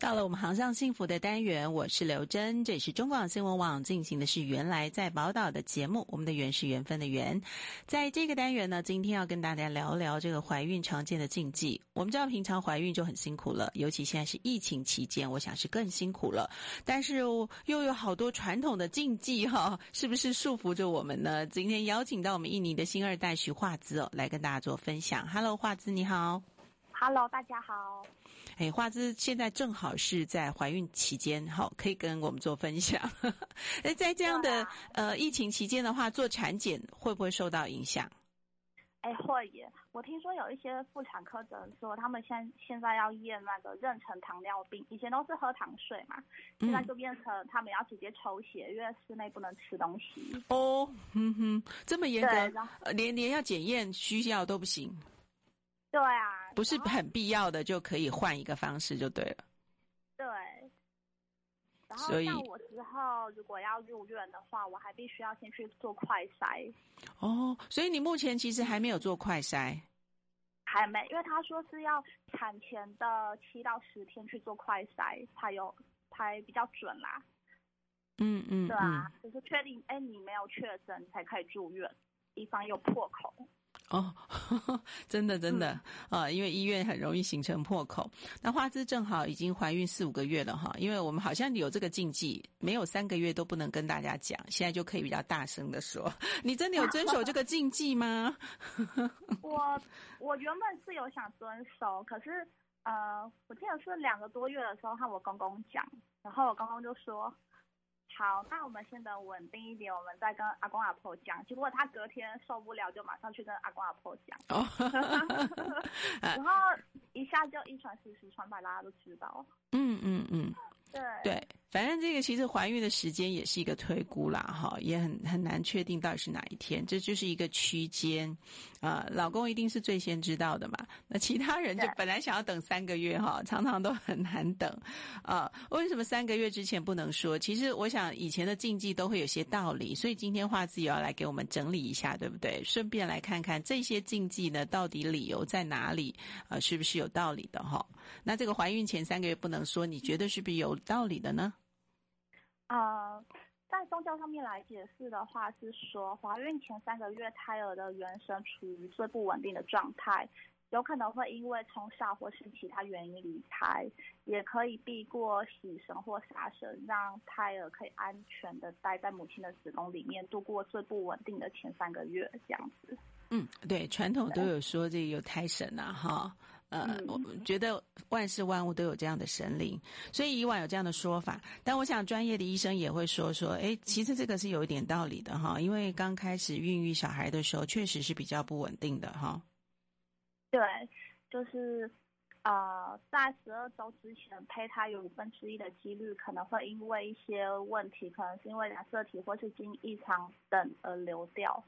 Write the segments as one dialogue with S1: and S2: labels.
S1: 到了我們航向幸福的單元，我是劉真，這裡是中廣新聞網進行的是緣來在寶島的節目，我們的緣是緣分的緣，在這個單元呢，今天要跟大家聊聊這個懷孕常見的禁忌。我們知道平常懷孕就很辛苦了，尤其現在是疫情期間，我想是更辛苦了。但是又有好多傳統的禁忌哈、哦，是不是束縛着我們呢？今天邀請到我們印尼的新二代徐樺姿哦，來跟大家做分享。哈嘍，樺姿你好。
S2: Hello，大家
S1: 好。哎、欸，樺姿現在正好是在懷孕期間，好，可以跟我們做分享。哎， 在這樣的、啊、呃疫情期間的話，做產檢會不會受到影響？
S2: 哎、欸，會耶。我聽說有一些婦產科診所，說，他們現在現在要驗那個妊娠糖尿病，以前都是喝糖水嘛、嗯，現在就變成他們要直接抽血，因為室內不能吃東西。哦，
S1: 哼哼，這麼嚴格，呃、連連要檢驗需要都不行。
S2: 對啊。
S1: 不是很必要的就可以換一個方式就對了。
S2: 對。然後，像我之後如果要入院的話，我還必須要先去做快篩。
S1: 哦，所以你目前其實還沒有做快篩。
S2: 還沒，因為他說是要產前的七到十天去做快篩，才有才比較準啦。嗯嗯。
S1: 對
S2: 啊，就是確定，哎、欸，你沒有確診才可以住院，以防有破口。
S1: 哦呵呵，真的真的，嗯、啊，因為醫院很容易形成破口，那樺姿正好已經懷孕四五個月了哈，因為我們好像有這個禁忌，沒有三個月都不能跟大家講，現在就可以比較大聲的說，你真的有遵守這個禁忌嗎？
S2: 我我原本是有想遵守，可是呃，我記得是兩個多月的時候和我公公講，然後我公公就說。好，那我們先等穩定一點，我們再跟阿公阿婆講。結果他隔天受不了，就馬上去跟阿公阿婆講。哦 然後一下就一傳十，十傳百，大家都知道。嗯嗯嗯，
S1: 對 對。對反正這個其實懷孕的時間也是一個推估啦，哈，也很很難確定到底是哪一天，這就是一個區間，啊、呃，老公一定是最先知道的嘛，那其他人就本來想要等三個月哈，常常都很難等，啊、呃，為什麼三個月之前不能說？其實我想以前的禁忌都會有些道理，所以今天樺姿也要來給我們整理一下，對不對？順便來看看這些禁忌呢，到底理由在哪裡啊、呃？是不是有道理的哈、哦？那這個懷孕前三個月不能說，你覺得是不是有道理的呢？
S2: 呃，在宗教上面來解釋的話，是說懷孕前三個月胎兒的元神處於最不穩定的狀態，有可能會因為衝煞或是其他原因離胎，也可以避過喜神或殺神，讓胎兒可以安全的待在母親的子宮裡面，度過最不穩定的前三個月，這樣子。
S1: 嗯，對，傳統都有說這有胎神吶、啊，哈。哦呃，我覺得萬事萬物都有這樣的神靈，所以以往有這樣的說法。但我想專業的醫生也會說說，哎，其實這個是有一點道理的哈，因為剛開始孕育小孩的時候，確實是比較不穩定的哈。
S2: 對，就是呃，在十二周之前，胚胎有五分之一的幾率可能會因為一些問題，可能是因為染色體或是基因異常等而流掉。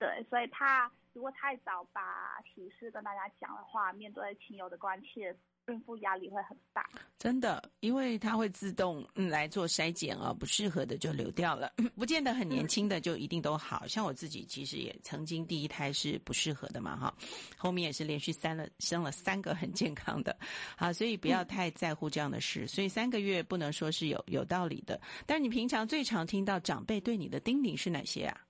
S2: 對，所以怕。如果太早把喜事跟大家講的話，面對親友的關切，孕婦壓力會很大。
S1: 真的，因為它會自動、嗯、來做篩檢啊，不適合的就流掉了，不見得很年輕的就一定都好。嗯、像我自己，其實也曾經第一胎是不適合的嘛，哈，後面也是連續三了生了三個很健康的，好，所以不要太在乎這樣的事。嗯、所以三個月不能說是有有道理的。但是你平常最常聽到長輩對你的叮嚀是哪些啊？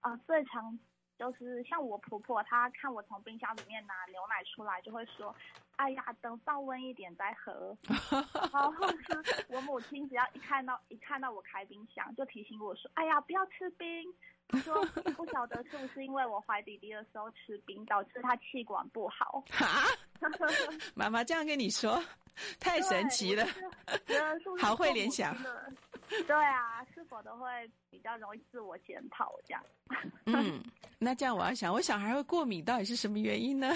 S2: 啊，最常。就是像我婆婆，她看我從冰箱裡面拿牛奶出來，就會說：“哎呀，等放溫一點再喝。 ”然後我母親只要一看到一看到我開冰箱，就提醒我說：“哎呀，不要吃冰。”你說不曉得是不是因為我懷弟弟的時候吃冰，導致他氣管不好？
S1: 啊？媽媽這樣跟你說，太神奇了，是是了好會聯想。
S2: 對啊，是否都會比較容易自我檢討這
S1: 樣？ 嗯，那這樣我要想，我小孩會過敏到底是什麼原因呢？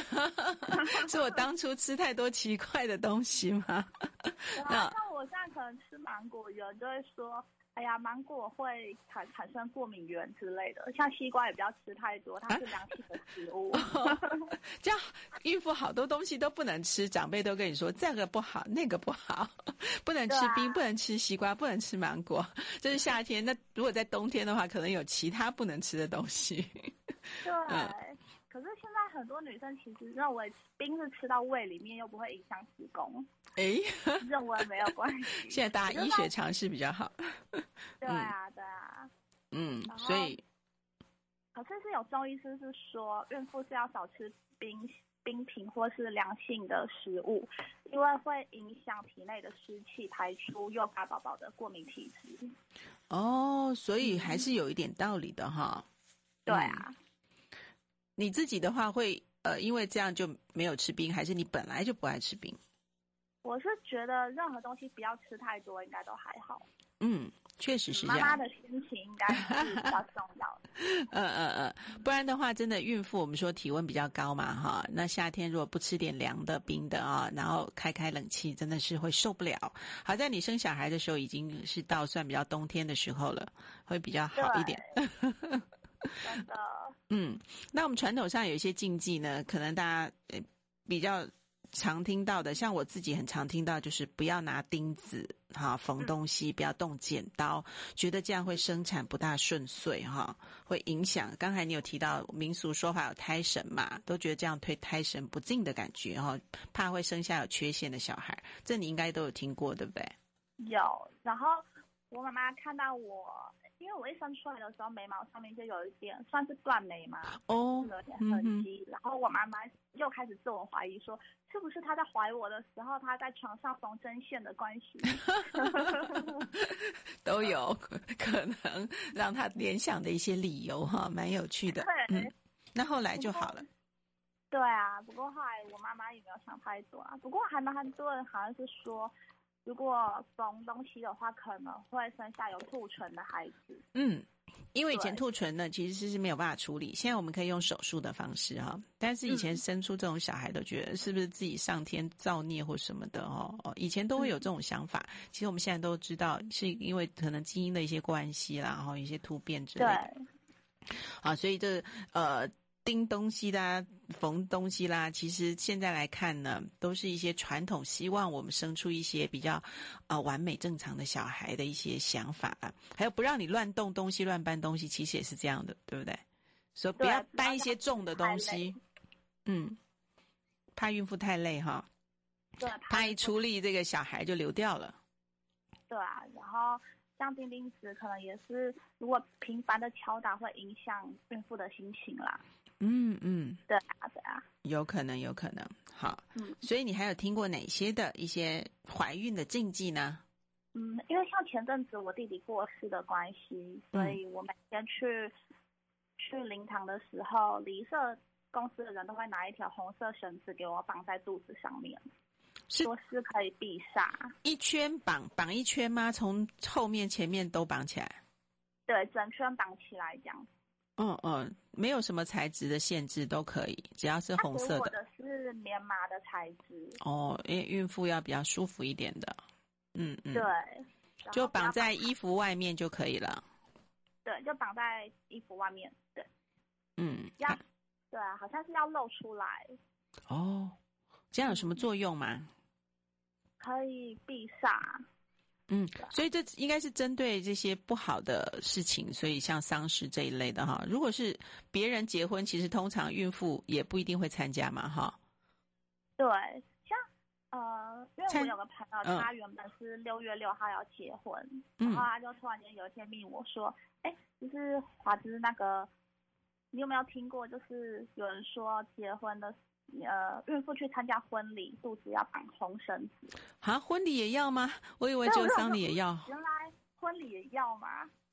S1: 是我當初吃太多奇怪的東西嗎？ 然後 那
S2: 我現在可能吃芒果，有人就會說。哎呀，芒果會產產生過敏原之類的，像西瓜也不要吃太多，它
S1: 是涼性的食物，啊哦。這樣，孕婦好多東西都不能吃，長輩都跟你說這個不好，那個不好，不能吃冰，啊、不能吃西瓜，不能吃芒果。這、就是夏天，那如果在冬天的話，可能有其他不能吃的東西。嗯、對。
S2: 可是現在很多女生其實認為冰是吃到胃裡面又不會影響子宮，誒，認為沒有關係。現在大家，醫學
S1: 常識比較好、嗯。
S2: 對啊，對啊。
S1: 嗯，所以
S2: 可是是有中醫師是說，孕婦是要少吃冰冰品或是涼性的食物，因為會影響體內的濕氣排出，誘發寶寶的過敏體質。
S1: 哦，所以還是有一點道理的哈。嗯嗯、對啊。你自己的話會呃，因為這樣就沒有吃冰，還是你本來就不愛吃冰？
S2: 我是覺得任何東西不要吃太多，
S1: 應該都還好。嗯，確實是這樣。媽媽的
S2: 心情應該
S1: 是比較重要的 嗯。嗯嗯嗯，不然的話，真的孕婦我們說體溫比較高嘛，哈，那夏天如果不吃點涼的冰的啊，然後開開冷氣，真的是會受不了。好在你生小孩的時候已經是到算比較冬天的時候了，會比較好一點。的，嗯，那我們傳統上有一些禁忌呢，可能大家、哎、比較常聽到的，像我自己很常聽到，就是不要拿釘子哈、哦、縫東西，不要動剪刀、嗯，覺得這樣會生產不大順遂哈、哦，會影響。剛才你有提到民俗說法有胎神嘛，都覺得這樣推胎神不敬的感覺哈、哦，怕會生下有缺陷的小孩，這你應該都有聽過對不對？有，然
S2: 後我媽媽看到我。因為我一生出來的時候，眉毛上面就有一點，算是斷眉嘛，哦、oh,，有點痕跡、嗯。然後我媽媽又開始自我懷疑說，說是不是她在懷我的時候，她在床上縫針線的關係？
S1: 都有可能讓她聯想的一些理由哈，蠻有趣的對。嗯，那後來就好了。
S2: 對啊，不過後來我媽媽也沒有想太多啊。不過還蠻多人好像是說。如果縫東西的話，可能會生下有兔唇的孩子。嗯，因為以前兔
S1: 唇呢，其實是是沒有辦法處理。現在我們可以用手術的方式哈。但是以前生出這種小孩都覺得是不是自己上天造孽或什麼的哦哦，以前都會有這種想法。嗯、其實我們現在都知道，是因為可能基因的一些關係啦，然後一些突變之類的。對。啊，所以這呃。釘東西啦，縫東西啦，其實現在來看呢，都是一些傳統，希望我們生出一些比較呃完美正常的小孩的一些想法啊。還有不讓你亂動東西，亂搬東西，其實也是這樣的，對不對？所以不要搬一些重的東西，嗯，怕孕婦太累哈。
S2: 對，
S1: 怕，怕一出力這個小孩就流掉了。
S2: 對啊，然後像釘釘子，可能也是如果頻繁的敲打會影響孕婦的心情啦。嗯嗯，對啊對
S1: 啊，有可能有可能，好。嗯，所以你還有聽過哪些的一些懷孕的禁忌呢？
S2: 嗯，因為像前陣子我弟弟過世的關係，所以我每天去、嗯、去靈堂的時候，禮儀公司的人都會拿一條紅色繩子給我綁在肚子上面，是說是可以避煞。
S1: 一圈綁綁一圈嗎？從後面前面都綁起來？
S2: 對，整圈綁起來這樣。
S1: 嗯、哦、嗯，沒有什麼材質的限制，都可以，只要是紅色的。或
S2: 者是棉麻的材質。
S1: 哦，因為孕婦要比較舒服一點的。嗯嗯。對嗯。就綁在衣服外面就可以了。
S2: 對，就綁在衣服外面。對。嗯。要、啊。對啊，好像是要露出來。
S1: 哦。這樣有什麼作用嗎？
S2: 可以避煞。
S1: 嗯，所以這應該是針對這些不好的事情，所以像喪事這一類的哈。如果是別人結婚，其實通常孕婦也不一定會參加嘛，哈。
S2: 對，像呃，因為我有個朋友，嗯、他原本是六月六號要結婚，嗯，然後他就突然間有一天命我說，哎，就是樺姿那個，你有沒有聽過？就是有人說結婚的。呃，孕婦去參加婚禮，肚子要綁紅繩
S1: 子。啊，婚禮也要嗎？我以為只有喪禮也要。
S2: 原來婚禮也要嗎？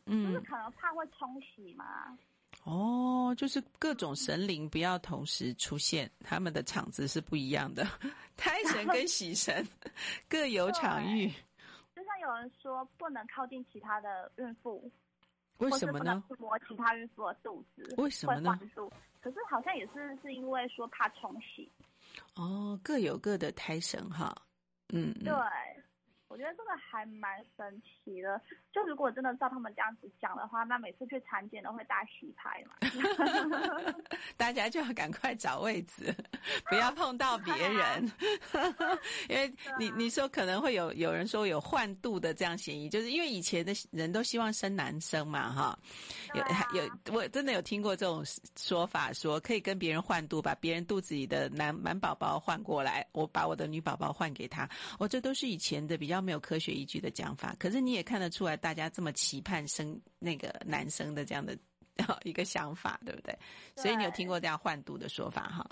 S2: 嗯，就是可能怕會沖喜嘛？
S1: 哦，就是各種神靈不要同時出現，嗯、他們的場子是不一樣的。胎神跟喜神 各有場域。
S2: 就像有人說不能靠近其他的孕婦，
S1: 為什麼呢？
S2: 是摸其他孕婦的肚子，為什麼呢？可是好像也是是因為說怕沖洗，
S1: 哦，各有各的胎神哈，嗯，
S2: 對。我覺得這個還蠻神奇的。就如果真的照他們這樣子講的話，那
S1: 每次去產檢都會大洗牌嘛。 大家就要趕快找位置，不要碰到別人。 因為你你說可能會有有人說有換肚的這樣嫌疑，就是因為以前的人都希望生男生嘛哈、啊。有有我真的有聽過這種說法，說可以跟別人換肚，把別人肚子裡的男男寶寶換過來，我把我的女寶寶換給他。我這都是以前的比較。沒有科學依據的講法，可是你也看得出來，大家這麼期盼生那個男生的這樣的一個想法，對不對？對，所以你有聽過這樣換肚的說法哈？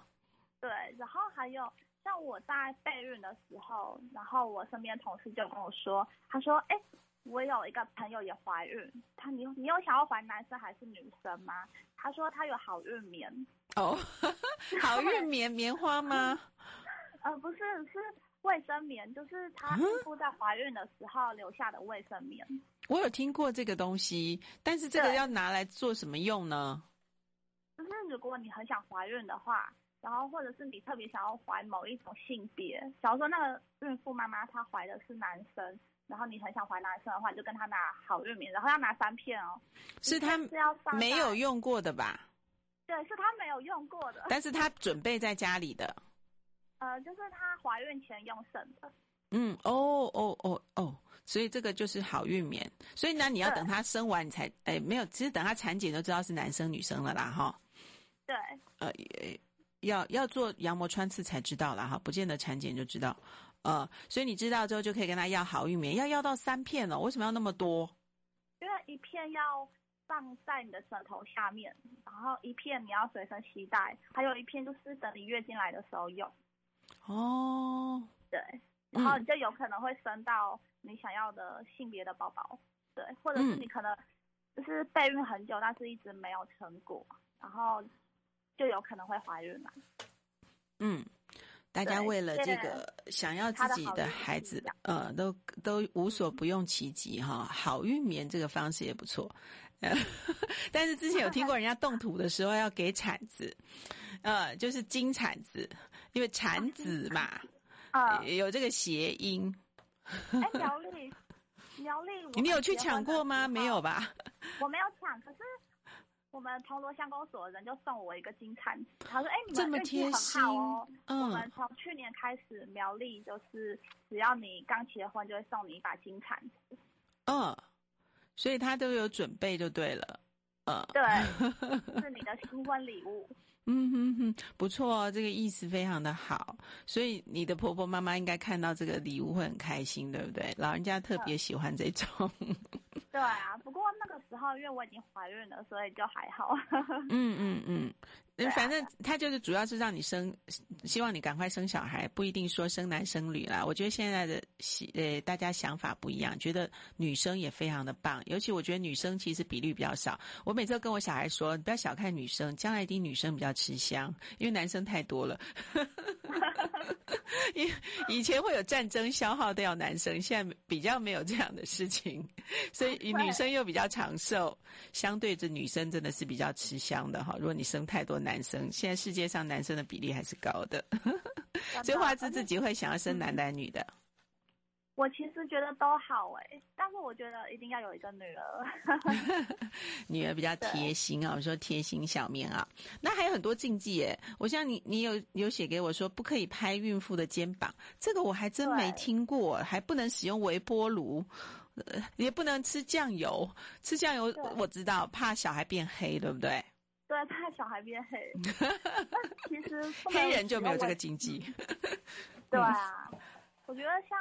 S2: 對，然後還有像我在備孕的時候，然後我身邊同事就跟我說，他說：“哎、欸，我有一個朋友也懷孕，他你你有想要懷男生還是女生嗎？”他說他有好孕棉哦，呵呵好孕棉
S1: 棉花嗎？
S2: 啊、呃，不是是。衛生棉就是她孕婦在懷孕的時候留下的衛生棉，嗯。
S1: 我有聽過這個東西，但是這個要拿來做什麼用呢？
S2: 就是如果你很想懷孕的話，然後或者是你特別想要懷某一種性別，假如說那個孕婦媽媽她懷的是男生，然後你很想懷男生的話，就跟她拿好孕棉，然後要拿三片哦。是他是要沒有
S1: 用過的吧？
S2: 對，是她沒有用過的，但是她
S1: 準備在家裡的。
S2: 呃，
S1: 就是她懷孕前用剩的。嗯，哦哦哦哦，所以這個就是好孕棉。所以呢，你要等她生完你才哎，沒有，其實等她產檢就知道是男生女生了啦，哈。對。呃，要要做羊膜穿刺才知道啦哈，不見得產檢就知道。呃，所以你知道之後就可以跟她要好孕棉，要要到三片哦，為什麼要那麼多？
S2: 因為一片要放在你的枕頭下面，然後一片你要隨身攜帶，還有一片就是等你月經來的時候用。哦、oh，對，然後你就有可能會生到你想要的性別的寶寶，對，或者是你可能就是備孕很久、嗯，但是一直沒有成果，然後就有可能會懷孕嘛、啊。嗯，
S1: 大家為了這個想要自己的孩子，呃、嗯，都都無所不用其極哈。好孕棉這個方式也不錯， 但是之前有聽過人家動土的時候要給鏟子，呃，就是金鏟子。因為產子嘛，嗯、有這個諧音、嗯
S2: 欸。苗栗，苗栗，你有去搶過
S1: 嗎？沒有吧？
S2: 我沒有搶，可是我們銅鑼鄉公所的人就送我一個金鏟子。他說：“哎、欸，你們、哦、這麼貼心”嗯。我們從去年開始，苗栗就是只要你剛結婚，就會送你一把金鏟子。
S1: 嗯，所以他都有準備就對了。嗯，對，
S2: 是你的新婚禮物。
S1: 嗯哼哼，不錯哦，這個意思非常的好，所以你的婆婆媽媽應該看到這個禮物會很開心，對不對？老人家特別喜歡這種。對
S2: 啊，不過那個時候因為我已經懷孕了，所以就還好。
S1: 嗯嗯嗯，反正他就是主要是讓你生，希望你趕快生小孩，不一定說生男生女啦。我覺得現在的呃大家想法不一樣，覺得女生也非常的棒，尤其我覺得女生其實比例比較少。我每次都跟我小孩說，你不要小看女生，將來一定女生比較。吃香，因為男生太多了。因 以前會有戰爭消耗掉男生，現在比較沒有這樣的事情，所以女生又比較長壽。相對着女生真的是比較吃香的哈。如果你生太多男生，現在世界上男生的比例還是高的，所以樺姿自己會想要生男的女的？
S2: 我其實覺得
S1: 都好哎、欸，但是我覺得一定要有一個女兒，呵呵 女兒比較貼心啊。我說貼心小棉襖、啊。那還有很多禁忌哎、欸，我像你，你有有寫給我說不可以拍孕婦的肩膀，這個我還真沒聽過。還不能使用微波爐、呃，也不能吃醬油。吃醬油我知道，怕小孩變黑，對不對？對，怕小
S2: 孩變黑。其 實黑人就沒有這個禁
S1: 忌。
S2: 對啊，我覺得像。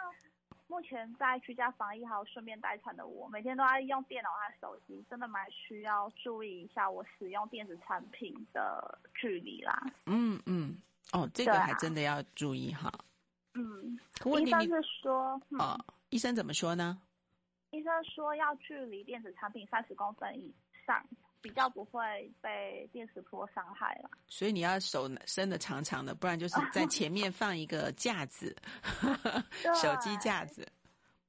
S2: 目前在居家防疫還有順便待產的我，每天都在用電腦和手機，真的蠻需要注意一下我使用電子產品的距離啦。嗯
S1: 嗯，哦，這個，啊、還真的要注意哈。
S2: 嗯，醫生是說，嗯，
S1: 哦，醫生怎麼說呢？
S2: 醫生說要距離電子產品三十公分以上，比
S1: 較不會被電磁波傷害了，所以你要手伸得長長的，不然就是在前面放一個架子，
S2: 手
S1: 機架子，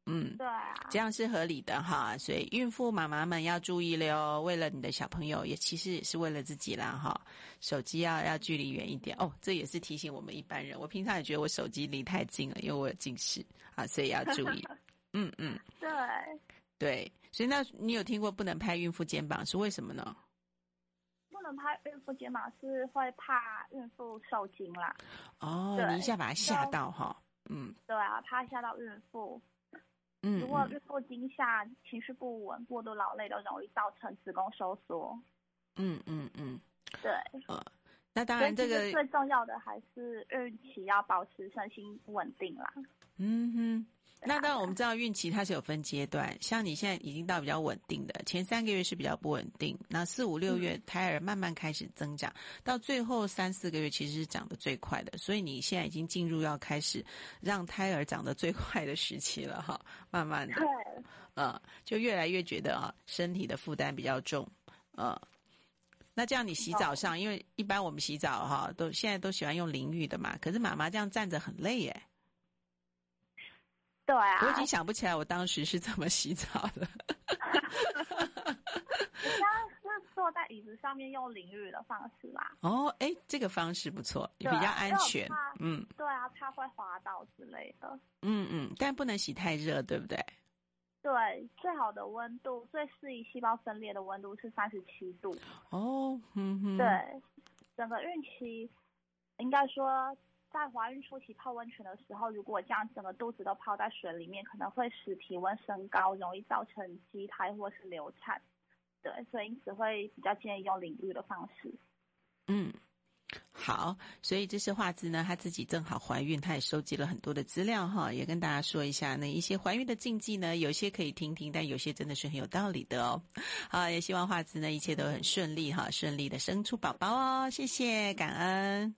S1: 嗯，對啊，這樣是合理的哈。所以孕婦媽媽們要注意了哦，為了你的小朋友，也其實也是為了自己啦哈。手機要要距離遠一點哦，這也是提醒我們一般人。我平常也覺得我手機離太近了，因為我有近視啊，所以要注意。 嗯嗯，
S2: 對。
S1: 對，所以那你有聽過不能拍孕婦肩膀是為什麼呢？
S2: 不能拍孕婦肩膀是會怕孕婦受驚啦。
S1: 哦，你一下把她嚇到哈？嗯，
S2: 對啊，怕嚇到孕婦
S1: 嗯。嗯，如果孕
S2: 婦驚嚇、情緒不穩、過度勞累，都容易造成子宮收縮。嗯嗯嗯，對。呃，那當然，這個最重要的還是孕期要保持身心穩定啦。嗯
S1: 哼。那當然，我們知道孕期它是有分階段，像你現在已經到比較穩定的前三個月是比較不穩定，那四五六月胎兒慢慢開始增長、嗯，到最後三四個月其實是長得最快的，所以你現在已經進入要開始讓胎兒長得最快的時期了哈，慢慢的，嗯，就越來越覺得啊身體的負擔比較重，嗯，那這樣你洗澡上，哦、因為一般我們洗澡哈都現在都喜歡用淋浴的嘛，可是媽媽這樣站着很累耶。對啊，我已經想不起來我當時是怎麼洗澡的。
S2: 我剛剛是坐在椅子上面用淋浴的方式啦。
S1: 哦，哎，這個方式不錯，也比較安全。嗯，
S2: 對啊，它會滑倒之類的。
S1: 嗯嗯，但不能洗太熱，對不對？
S2: 對，最好的溫度最適宜細,細胞分裂的溫度是三十七度。
S1: 哦、嗯嗯，對，
S2: 整個孕期應該說。在懷孕初期泡溫泉的時候，如果這樣整個肚子都泡在水裡面，可能會使體溫升高，容易造成畸胎或是流產。對，所以因此會比較建議用淋浴的方式。
S1: 嗯，好，所以這是樺姿呢，她自己正好懷孕，她也收集了很多的資料哈，也跟大家說一下那一些懷孕的禁忌呢，有些可以聽聽，但有些真的是很有道理的哦。啊，也希望樺姿呢一切都很順利哈，順利的生出寶寶哦。謝謝，感恩。